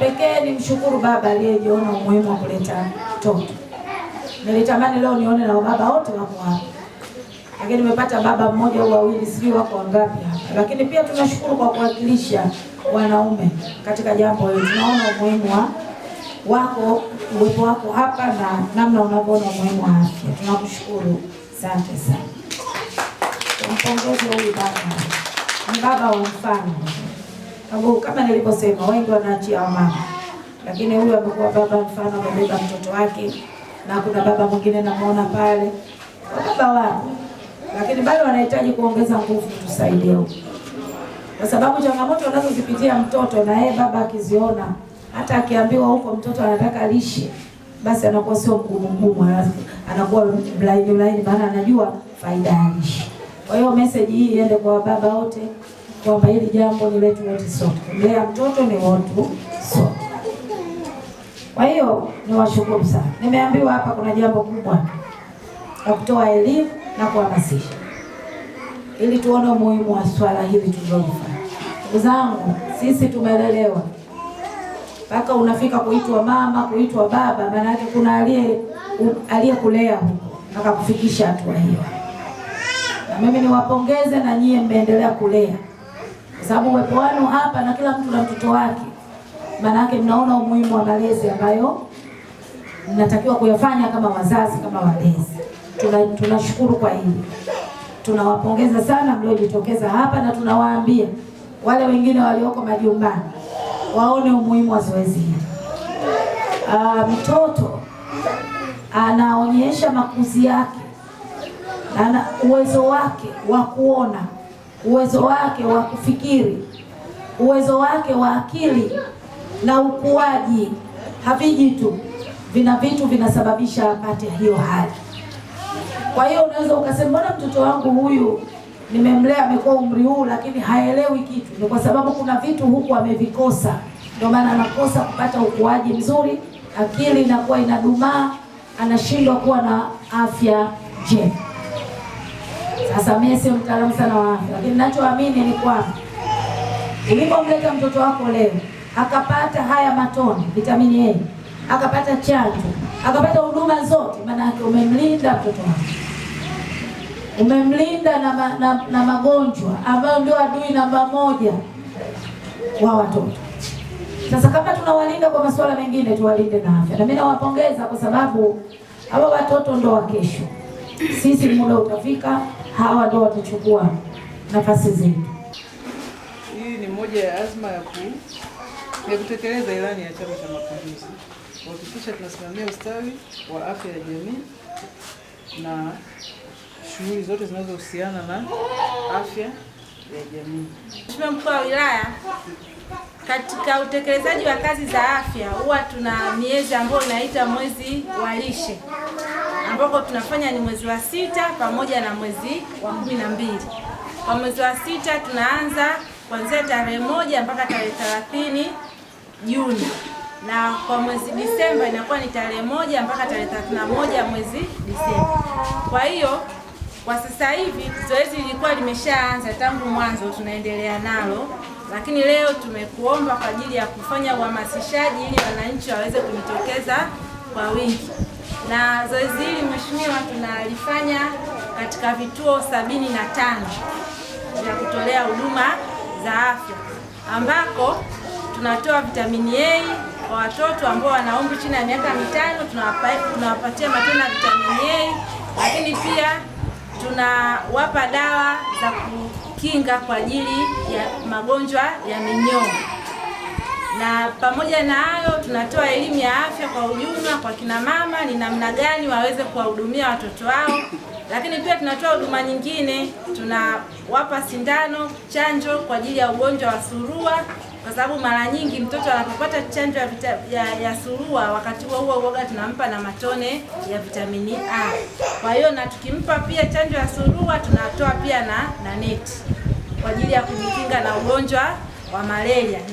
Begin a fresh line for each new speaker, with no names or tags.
Pekee ni mshukuru baba aliyejiona umuhimu wa kuleta mtoto. Nilitamani leo nione na baba wote wako hapa, lakini nimepata baba mmoja au wawili, sijui wako wangapi hapa. Lakini pia tunashukuru kwa kuwakilisha wanaume katika jambo hili. Tunaona umuhimu wa wako uwepo wako hapa na namna unavyoona umuhimu wa afya, tunakushukuru. Asante sana, Tumpongeze huyu baba, ni baba wa mfano kama nilivyosema, wengi wanaachia mama lakini huyu amekuwa baba, mfano amebeba mtoto wake, na kuna baba mwingine namuona pale baba wangu, lakini bado wanahitaji kuongeza nguvu, tusaidie, kwa sababu changamoto anazozipitia mtoto na yeye baba akiziona, hata akiambiwa huko mtoto anataka lishe, basi anakuwa sio mgumu mgumu, anakuwa mlaini mlaini, maana anajua faida ya lishe. Kwa hiyo meseji hii iende kwa baba wote kwamba hili jambo ni letu wote sote. Mlea mtoto ni watu sote. Kwa hiyo niwashukuru sana, nimeambiwa hapa kuna jambo kubwa la kutoa elimu na kuhamasisha, ili tuone umuhimu wa swala hili tulilofanya. Ndugu zangu, sisi tumelelewa mpaka unafika kuitwa mama, kuitwa baba, maana yake kuna aliye aliyekulea huko akakufikisha hatua hiyo, na mimi niwapongeze na nyie mmeendelea kulea kwa sababu uwepo wenu hapa na kila mtu na mtoto wake, maana yake mnaona umuhimu wa malezi ambayo mnatakiwa kuyafanya kama wazazi, kama walezi. Tunashukuru tuna kwa hili, tunawapongeza sana mliojitokeza hapa, na tunawaambia wale wengine walioko majumbani waone umuhimu wa zoezi hili. Ah, mtoto anaonyesha makuzi yake na uwezo wake wa kuona uwezo wake wa kufikiri, uwezo wake wa akili na ukuaji haviji tu, vina vitu vinasababisha apate hiyo hali. Kwa hiyo unaweza ukasema mbona mtoto wangu huyu nimemlea amekuwa umri huu, lakini haelewi kitu. Ni kwa sababu kuna vitu huku amevikosa, ndio maana anakosa kupata ukuaji mzuri, akili inakuwa inadumaa, anashindwa kuwa na afya njema. Hasa mimi si mtaalamu sana wa afya, lakini ninachoamini ni kwamba ulipomleta mtoto wako leo akapata haya matone vitamini A, akapata chanjo, akapata huduma zote, maana yake umemlinda mtoto wako, umemlinda na, ma, na, na magonjwa ambayo ndio adui namba moja wa watoto. Sasa kama tunawalinda kwa masuala mengine, tuwalinde na afya, na mimi nawapongeza kwa sababu hawa watoto ndo wa kesho. Sisi muda utafika hawa ndio watachukua nafasi zetu.
Hii ni moja ya azma ya ya kutekeleza ilani ya Chama cha Mapinduzi, kuhakikisha tunasimamia ustawi wa afya ya jamii na shughuli zote zinazohusiana na afya ya jamii.
Mheshimiwa Mkuu wa Wilaya, katika utekelezaji wa kazi za afya huwa tuna miezi ambayo inaita mwezi wa lishe ambapo tunafanya ni mwezi wa sita pamoja na mwezi wa kumi na mbili. Kwa mwezi wa sita tunaanza kuanzia tarehe moja mpaka tarehe thelathini Juni, na kwa mwezi Disemba inakuwa ni tarehe moja mpaka tarehe thelathini na moja mwezi Disemba. Kwa hiyo kwa sasa hivi zoezi lilikuwa limeshaanza tangu mwanzo, tunaendelea nalo, lakini leo tumekuomba kwa ajili ya kufanya uhamasishaji ili wananchi waweze kujitokeza kwa wingi na zoezi hili mheshimiwa, tunalifanya katika vituo sabini na tano vya kutolea huduma za afya ambako tunatoa vitamini A kwa watoto ambao wana umri chini ya miaka mitano, tunawapatia matunda ya vitamini A, lakini pia tunawapa dawa za kukinga kwa ajili ya magonjwa ya minyoo na pamoja na hayo tunatoa elimu ya afya kwa ujumla kwa kina mama, ni namna gani waweze kuwahudumia watoto wao, lakini pia tunatoa huduma nyingine, tunawapa sindano, chanjo kwa ajili ya ugonjwa wa surua, kwa sababu mara nyingi mtoto anapopata chanjo ya, ya, ya surua, wakati huo huo uoga tunampa na matone ya vitamini A. Kwa hiyo na tukimpa pia chanjo ya surua, tunatoa pia na, na neti kwa ajili ya kujikinga na ugonjwa wa malaria na